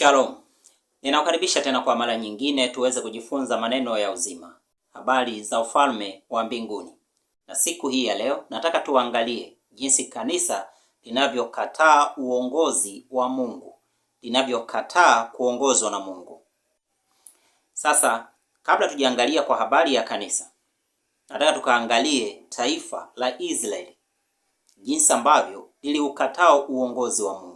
Shalom, ninakukaribisha tena kwa mara nyingine tuweze kujifunza maneno ya uzima, habari za ufalme wa mbinguni. Na siku hii ya leo nataka tuangalie jinsi kanisa linavyokataa uongozi wa Mungu, linavyokataa kuongozwa na Mungu. Sasa, kabla tujaangalia kwa habari ya kanisa, nataka tukaangalie taifa la Israeli, jinsi ambavyo liliukataa uongozi wa Mungu.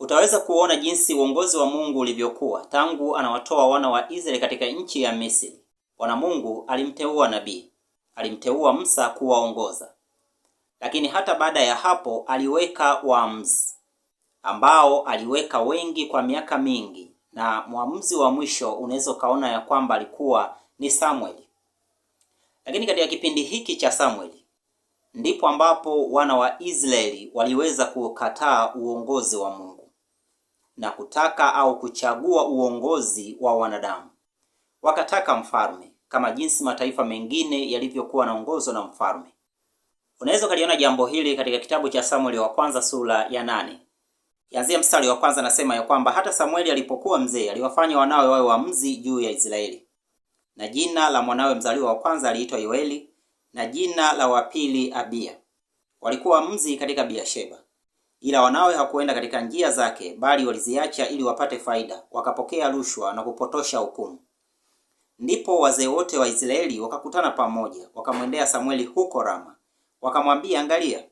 Utaweza kuona jinsi uongozi wa Mungu ulivyokuwa tangu anawatoa wana wa Israeli katika nchi ya Misri. Bwana Mungu alimteua nabii, alimteua Musa kuwaongoza, lakini hata baada ya hapo aliweka waamuzi ambao aliweka wengi kwa miaka mingi, na mwamuzi wa mwisho unaweza ukaona ya kwamba alikuwa ni samweli Lakini katika kipindi hiki cha samweli ndipo ambapo wana wa Israeli waliweza kukataa uongozi wa Mungu na kutaka au kuchagua uongozi wa wanadamu. Wakataka mfalme kama jinsi mataifa mengine yalivyokuwa naongozwa na mfalme. Unaweza ukaliona jambo hili katika kitabu cha Samueli wa kwanza sura ya nane yanzia mstari wa kwanza nasema ya kwamba hata Samueli alipokuwa mzee aliwafanya wanawe wawe waamuzi juu ya Israeli, na jina la mwanawe mzaliwa wa kwanza aliitwa Yoeli na jina la wapili Abia. Abiya. Walikuwa waamuzi katika Biasheba. Ila wanawe hakuenda katika njia zake, bali waliziacha ili wapate faida, wakapokea rushwa na kupotosha hukumu. Ndipo wazee wote wa Israeli wakakutana pamoja, wakamwendea Samweli huko Rama, wakamwambia, angalia,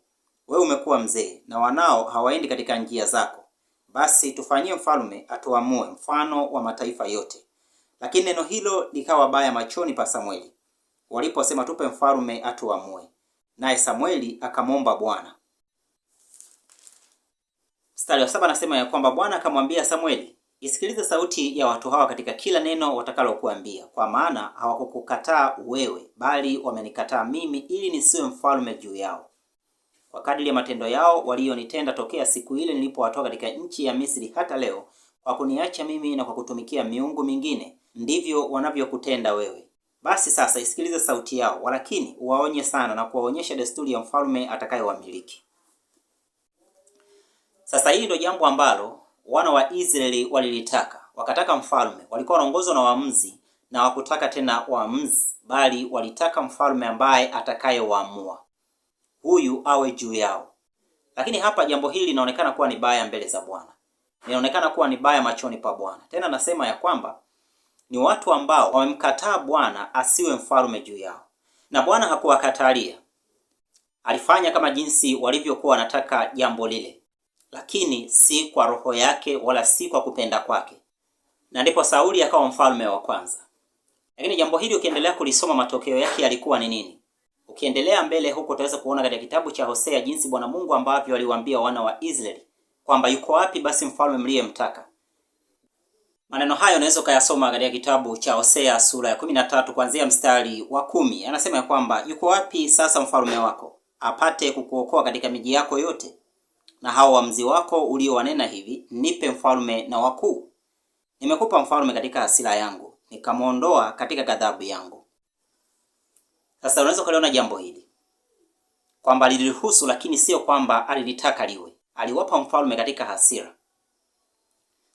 wewe umekuwa mzee na wanao hawaendi katika njia zako, basi tufanyie mfalme atuamue mfano wa mataifa yote. Lakini neno hilo likawa baya machoni pa Samweli, waliposema tupe mfalme atuamue. Naye Samueli akamwomba Bwana. Mstari wa saba anasema ya kwamba Bwana akamwambia Samueli, isikilize sauti ya watu hawa katika kila neno watakalokuambia, kwa maana hawakukukataa wewe, bali wamenikataa mimi, ili nisiwe mfalme juu yao, kwa kadiri ya matendo yao waliyonitenda tokea siku ile nilipowatoa katika nchi ya Misri hata leo, kwa kuniacha mimi na kwa kutumikia miungu mingine, ndivyo wanavyokutenda wewe. Basi sasa isikilize sauti yao, walakini uwaonye sana na kuwaonyesha desturi ya mfalme atakayewamiliki. Sasa hili ndio jambo ambalo wana wa Israeli walilitaka, wakataka mfalme. Walikuwa wanaongozwa na waamuzi na wakutaka tena waamuzi, bali walitaka mfalme ambaye atakayewaamua huyu awe juu yao. Lakini hapa jambo hili linaonekana kuwa ni baya mbele za Bwana, linaonekana kuwa ni baya machoni pa Bwana. Tena nasema ya kwamba ni watu ambao wamemkataa Bwana asiwe mfalme juu yao, na Bwana hakuwakatalia, alifanya kama jinsi walivyokuwa wanataka jambo lile lakini si kwa roho yake wala si kwa kupenda kwake, na ndipo Sauli akawa mfalme wa kwanza. Lakini jambo hili ukiendelea kulisoma matokeo yake yalikuwa ni nini? Ukiendelea mbele huko utaweza kuona katika kitabu cha Hosea jinsi Bwana Mungu ambavyo aliwaambia wana wa Israeli kwamba yuko wapi basi mfalme mliyemtaka. Maneno hayo unaweza ukayasoma katika kitabu cha Hosea sura ya 13 kuanzia mstari wa kumi. Anasema ya kwamba yuko wapi sasa mfalme wako apate kukuokoa katika miji yako yote na hao wamzi wako uliowanena hivi, nipe mfalme na wakuu. Nimekupa mfalme katika hasira yangu, nikamwondoa katika ghadhabu yangu. Sasa unaweza kuliona jambo hili kwamba liliruhusu, lakini sio kwamba alilitaka liwe. Aliwapa mfalme katika hasira.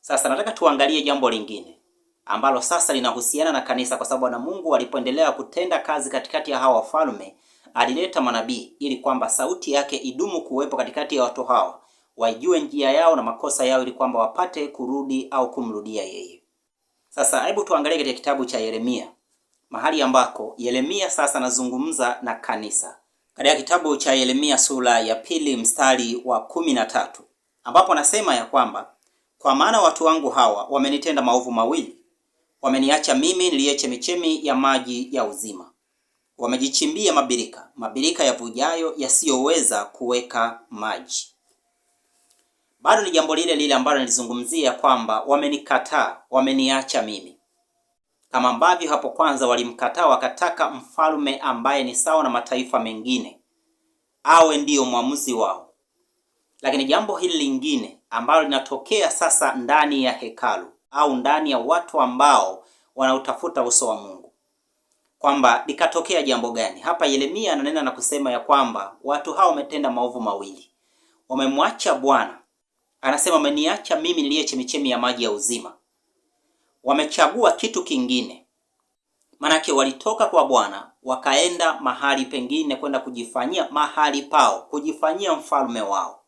Sasa nataka tuangalie jambo lingine ambalo sasa linahusiana na kanisa, kwa sababu na Mungu alipoendelea kutenda kazi katikati ya hawa wafalme alileta manabii ili kwamba sauti yake idumu kuwepo katikati ya watu hawa, waijue njia yao na makosa yao, ili kwamba wapate kurudi au kumrudia yeye. Sasa hebu tuangalie katika kitabu cha Yeremia, mahali ambako Yeremia sasa anazungumza na kanisa, katika kitabu cha Yeremia sura ya pili mstari wa kumi na tatu ambapo anasema ya kwamba kwa maana watu wangu hawa wamenitenda maovu mawili, wameniacha mimi niliye chemichemi ya maji ya uzima wamejichimbia mabirika, mabirika yavujayo yasiyoweza kuweka maji. Bado ni jambo lile lile ambalo nilizungumzia kwamba wamenikataa, wameniacha mimi, kama ambavyo hapo kwanza walimkataa, wakataka mfalme ambaye ni sawa na mataifa mengine awe ndiyo mwamuzi wao. Lakini jambo hili lingine ambalo linatokea sasa ndani ya hekalu au ndani ya watu ambao wanautafuta uso wa Mungu kwamba likatokea jambo gani hapa. Yeremia ananena na kusema ya kwamba watu hao wametenda maovu mawili, wamemwacha Bwana. Anasema wameniacha mimi niliye chemichemi ya maji ya uzima, wamechagua kitu kingine. Manake walitoka kwa Bwana wakaenda mahali pengine, kwenda kujifanyia mahali pao, kujifanyia mfalme wao.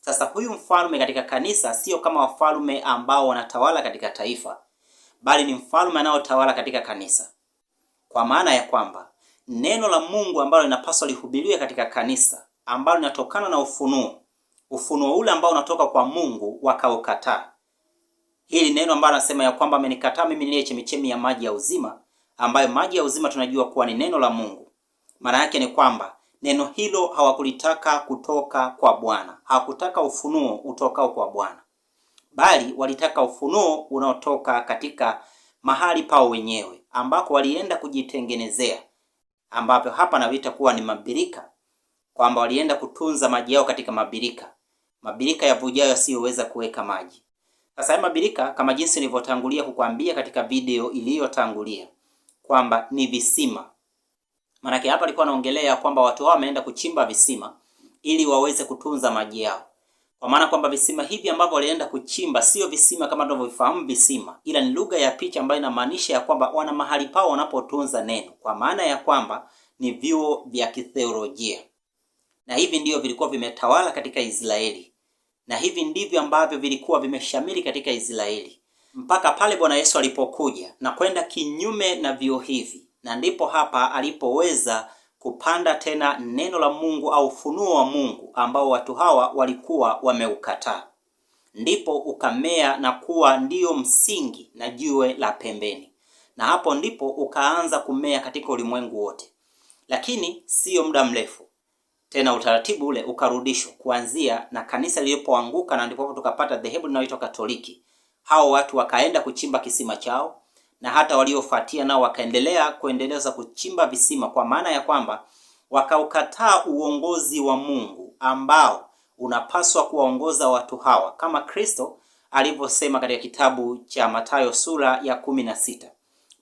Sasa huyu mfalme katika kanisa sio kama wafalme ambao wanatawala katika taifa, bali ni mfalme anayotawala katika kanisa kwa maana ya kwamba neno la Mungu ambalo linapaswa lihubiriwe katika kanisa ambalo linatokana na ufunuo, ufunuo ule ambao unatoka kwa Mungu wakaukataa. Hili neno ambalo anasema ya kwamba amenikataa mimi niliye chemichemi ya maji ya uzima, ambayo maji ya uzima tunajua kuwa ni neno la Mungu. Maana yake ni kwamba neno hilo hawakulitaka kutoka kwa Bwana, hawakutaka ufunuo utokao kwa Bwana, bali walitaka ufunuo unaotoka katika mahali pao wenyewe ambako walienda kujitengenezea, ambapo hapa nawita kuwa ni mabirika, kwamba walienda kutunza maji yao katika mabirika, mabirika yavujayo yasiyoweza kuweka maji. Sasa haya mabirika kama jinsi nilivyotangulia kukwambia katika video iliyotangulia kwamba ni visima. Maanake hapa alikuwa anaongelea kwamba watu hao wameenda kuchimba visima ili waweze kutunza maji yao kwa maana kwamba visima hivi ambavyo walienda kuchimba sio visima kama tunavyovifahamu visima, ila ni lugha ya picha ambayo inamaanisha ya kwamba wana mahali pao wanapotunza neno, kwa maana ya kwamba ni vyuo vya kitheolojia, na hivi ndivyo vilikuwa vimetawala katika Israeli, na hivi ndivyo ambavyo vilikuwa vimeshamiri katika Israeli mpaka pale Bwana Yesu alipokuja na kwenda kinyume na vyuo hivi, na ndipo hapa alipoweza kupanda tena neno la Mungu au ufunuo wa Mungu ambao watu hawa walikuwa wameukataa. Ndipo ukamea na kuwa ndiyo msingi na jiwe la pembeni, na hapo ndipo ukaanza kumea katika ulimwengu wote. Lakini siyo muda mrefu tena utaratibu ule ukarudishwa, kuanzia na kanisa lilipoanguka, na ndipo tukapata dhehebu linaloitwa Katoliki. Hao watu wakaenda kuchimba kisima chao na hata waliofuatia nao wakaendelea kuendeleza kuchimba visima, kwa maana ya kwamba wakaukataa uongozi wa Mungu ambao unapaswa kuwaongoza watu hawa kama Kristo alivyosema katika kitabu cha Mathayo sura ya kumi na sita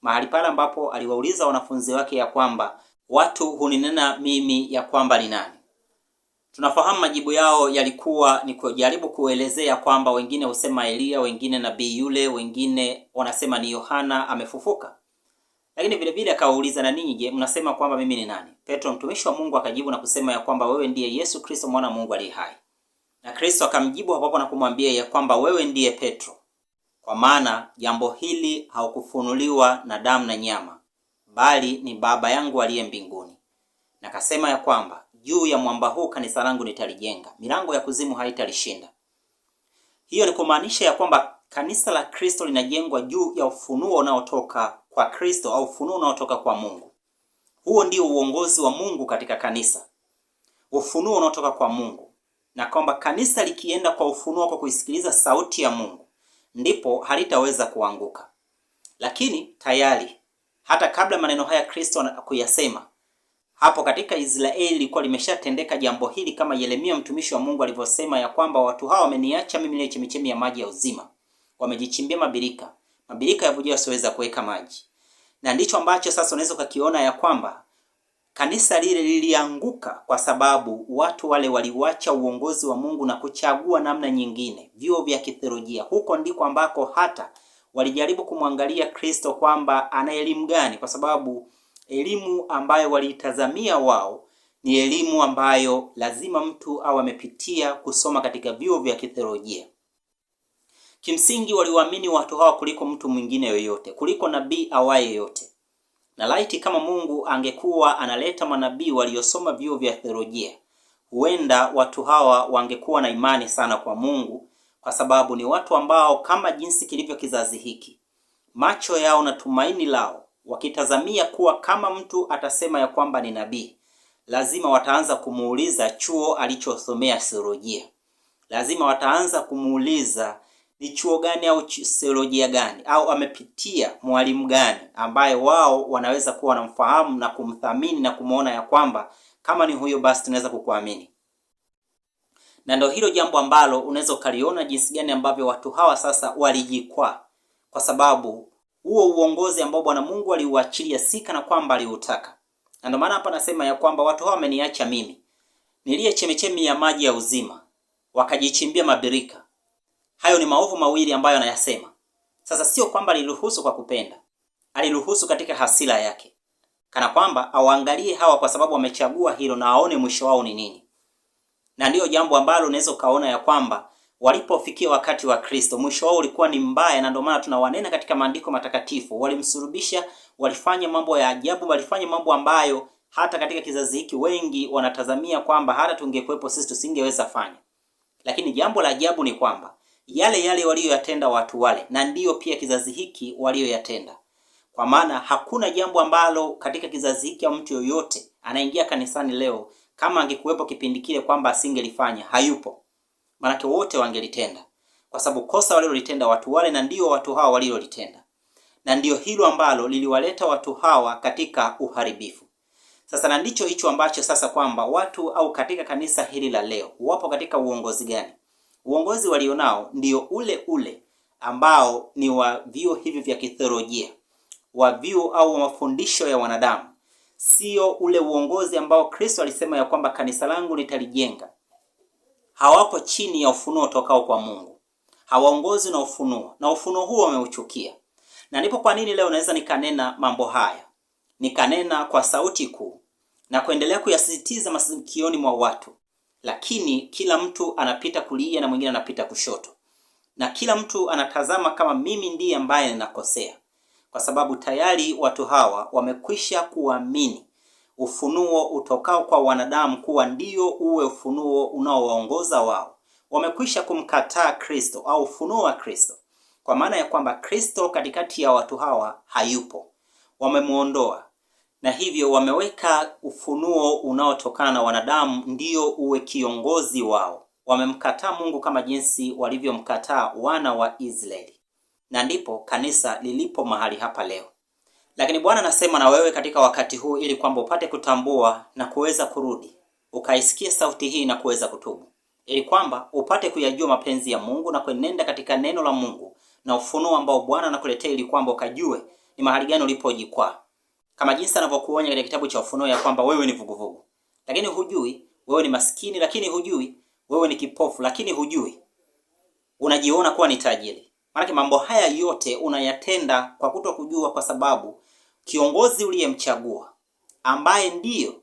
mahali pale ambapo aliwauliza wanafunzi wake ya kwamba watu huninena mimi ya kwamba ni nani? Tunafahamu majibu yao yalikuwa ni kujaribu kuelezea kwamba wengine husema Eliya, wengine nabii yule, wengine wanasema ni Yohana amefufuka. Lakini vile vile akawauliza, na ninyi je, mnasema kwamba mimi ni nani? Petro mtumishi wa Mungu akajibu na kusema ya kwamba wewe ndiye Yesu Kristo mwana Mungu aliye hai. Na Kristo akamjibu hapo na kumwambia ya kwamba wewe ndiye Petro, kwa maana jambo hili haukufunuliwa na damu na nyama, bali ni Baba yangu aliye mbinguni. Na akasema ya kwamba juu ya mwamba huu kanisa langu nitalijenga, milango ya kuzimu haitalishinda. Hiyo ni kumaanisha ya kwamba kanisa la Kristo linajengwa juu ya ufunuo unaotoka kwa Kristo au ufunuo unaotoka kwa Mungu. Huo ndio uongozi wa Mungu katika kanisa, ufunuo unaotoka kwa Mungu, na kwamba kanisa likienda kwa ufunuo, kwa kuisikiliza sauti ya Mungu, ndipo halitaweza kuanguka. Lakini tayari hata kabla maneno haya Kristo kuyasema hapo katika Israeli ilikuwa limeshatendeka jambo hili kama Yeremia mtumishi wa Mungu alivyosema ya kwamba watu hawa wameniacha mimi ile chemichemi ya maji ya uzima. Wamejichimbia mabirika. Mabirika yavujia wasiweza kuweka maji. Na ndicho ambacho sasa unaweza ukakiona ya kwamba kanisa lile lilianguka kwa sababu watu wale waliwacha uongozi wa Mungu na kuchagua namna nyingine, vyuo vya kitheolojia. Huko ndiko ambako hata walijaribu kumwangalia Kristo kwamba ana elimu gani, kwa sababu elimu ambayo waliitazamia wao ni elimu ambayo lazima mtu awe amepitia kusoma katika vyuo vya kitheolojia. Kimsingi waliwaamini watu hawa kuliko mtu mwingine yoyote, kuliko nabii awaye yeyote Na laiti kama Mungu angekuwa analeta manabii waliosoma vyuo vya theolojia, huenda watu hawa wangekuwa na imani sana kwa Mungu, kwa sababu ni watu ambao kama jinsi kilivyo kizazi hiki, macho yao na tumaini lao wakitazamia kuwa kama mtu atasema ya kwamba ni nabii, lazima wataanza kumuuliza chuo alichosomea serolojia. Lazima wataanza kumuuliza ni chuo gani au serolojia gani au amepitia mwalimu gani ambaye wao wanaweza kuwa wanamfahamu na kumthamini na kumuona ya kwamba kama ni huyo basi tunaweza kukuamini. Na ndio hilo jambo ambalo unaweza ukaliona jinsi gani ambavyo watu hawa sasa walijikwaa, kwa sababu huo uongozi ambao Bwana Mungu aliuachilia Sika na kwamba aliutaka. Na ndio maana hapa nasema ya kwamba watu hao wameniacha mimi, niliye chemichemi ya maji ya uzima, wakajichimbia mabirika. Hayo ni maovu mawili ambayo anayasema. Sasa sio kwamba aliruhusu kwa kupenda, aliruhusu katika hasira yake, kana kwamba awaangalie hawa kwa sababu wamechagua hilo, na aone mwisho wao ni nini. Na ndiyo jambo ambalo unaweza ukaona ya kwamba walipofikia wakati wa Kristo, mwisho wao ulikuwa ni mbaya, na ndio maana tunawanena katika maandiko matakatifu, walimsulubisha, walifanya mambo ya ajabu, walifanya mambo ambayo hata katika kizazi hiki wengi wanatazamia kwamba hata tungekuwepo sisi tusingeweza fanya. Lakini jambo la ajabu ni kwamba yale yale waliyoyatenda watu wale, na ndiyo pia kizazi hiki waliyoyatenda. Kwa maana hakuna jambo ambalo katika kizazi hiki au mtu yoyote anaingia kanisani leo, kama angekuwepo kipindi kile, kwamba asingelifanya. Hayupo maanake wote wangelitenda kwa sababu kosa walilolitenda watu wale na ndio watu hawa walilolitenda na ndiyo hilo ambalo liliwaleta watu hawa katika uharibifu sasa na ndicho hicho ambacho sasa kwamba watu au katika kanisa hili la leo wapo katika uongozi gani uongozi walionao ndio ule ule ambao ni wa vyuo hivi vya kithorojia wa vyuo au wa mafundisho ya wanadamu sio ule uongozi ambao kristo alisema ya kwamba kanisa langu litalijenga hawako chini ya ufunuo utokao kwa Mungu, hawaongozi na ufunuo, na ufunuo huo wameuchukia. Na ndipo kwa nini leo naweza nikanena mambo haya, nikanena kwa sauti kuu na kuendelea kuyasisitiza masikioni mwa watu, lakini kila mtu anapita kulia na mwingine anapita kushoto, na kila mtu anatazama kama mimi ndiye ambaye ninakosea, kwa sababu tayari watu hawa wamekwisha kuamini ufunuo utokao kwa wanadamu kuwa ndio uwe ufunuo unaowaongoza wao. Wamekwisha kumkataa Kristo au ufunuo wa Kristo, kwa maana ya kwamba Kristo katikati ya watu hawa hayupo, wamemwondoa, na hivyo wameweka ufunuo unaotokana na wanadamu ndio uwe kiongozi wao. Wamemkataa Mungu kama jinsi walivyomkataa wana wa Israeli, na ndipo kanisa lilipo mahali hapa leo. Lakini Bwana anasema na wewe katika wakati huu ili kwamba upate kutambua na kuweza kurudi, ukaisikia sauti hii na kuweza kutubu, ili kwamba upate kuyajua mapenzi ya Mungu na kuenenda katika neno la Mungu na ufunuo ambao Bwana anakuletea, ili kwamba ukajue ni mahali gani ulipojikwaa, kama jinsi anavyokuonya katika kitabu cha Ufunuo ya kwamba wewe ni vuguvugu, lakini hujui, wewe ni maskini, lakini hujui, wewe ni kipofu, lakini hujui, unajiona kuwa ni tajiri. Maanake mambo haya yote unayatenda kwa kutokujua, kwa sababu kiongozi uliyemchagua ambaye ndiyo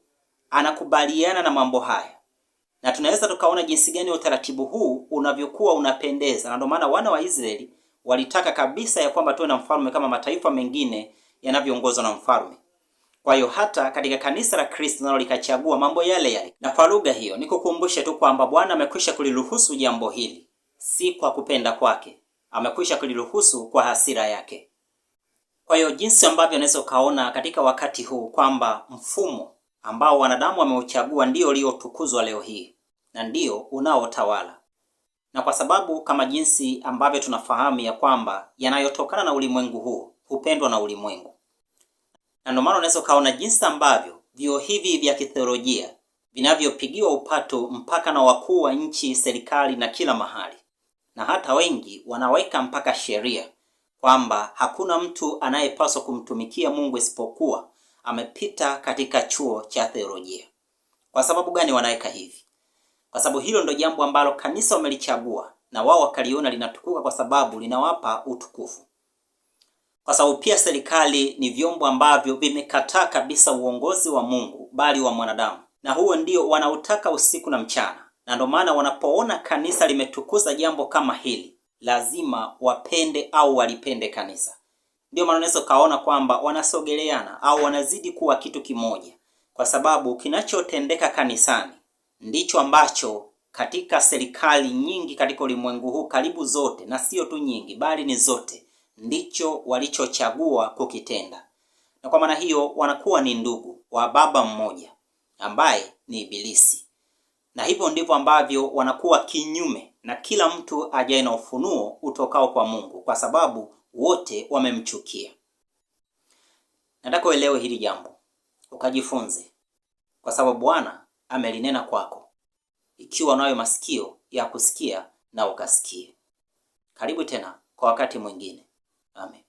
anakubaliana na mambo haya, na tunaweza tukaona jinsi gani utaratibu huu unavyokuwa unapendeza, na ndio maana wana wa Israeli walitaka kabisa ya kwamba tuwe na mfalme kama mataifa mengine yanavyoongozwa na mfalme. Kwa hiyo hata katika kanisa la Kristo nalo likachagua mambo yale yale. Na kwa lugha hiyo nikukumbushe tu kwamba Bwana amekwisha kuliruhusu jambo hili, si kwa kupenda kwake, amekwisha kuliruhusu kwa hasira yake. Kwa hiyo jinsi ambavyo unaweza ukaona katika wakati huu kwamba mfumo ambao wanadamu wameuchagua ndio uliotukuzwa leo hii na ndio unaotawala, na kwa sababu kama jinsi ambavyo tunafahamu ya kwamba yanayotokana na ulimwengu huu hupendwa na ulimwengu, na ndio maana unaweza ukaona jinsi ambavyo vyuo hivi vya kitheolojia vinavyopigiwa upato mpaka na wakuu wa nchi, serikali na kila mahali, na hata wengi wanaweka mpaka sheria kwamba hakuna mtu anayepaswa kumtumikia Mungu isipokuwa amepita katika chuo cha theolojia. Kwa sababu gani wanaweka hivi? Kwa sababu hilo ndo jambo ambalo kanisa wamelichagua na wao wakaliona linatukuka, kwa sababu linawapa utukufu, kwa sababu pia serikali ni vyombo ambavyo vimekataa kabisa uongozi wa Mungu bali wa mwanadamu, na huo ndio wanautaka usiku na mchana, na ndio maana wanapoona kanisa limetukuza jambo kama hili lazima wapende au walipende kanisa. Ndio maana unaweza ukaona kwamba wanasogeleana au wanazidi kuwa kitu kimoja, kwa sababu kinachotendeka kanisani ndicho ambacho katika serikali nyingi katika ulimwengu huu karibu zote, na sio tu nyingi, bali ni zote, ndicho walichochagua kukitenda, na kwa maana hiyo wanakuwa ni ndugu wa baba mmoja ambaye ni Ibilisi na hivyo ndivyo ambavyo wanakuwa kinyume na kila mtu ajaye na ufunuo utokao kwa Mungu, kwa sababu wote wamemchukia. Nataka uelewe hili jambo ukajifunze, kwa sababu Bwana amelinena kwako, ikiwa unayo masikio ya kusikia na ukasikie. Karibu tena kwa wakati mwingine. Amen.